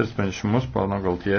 tris pranešimus, pono Galtieri.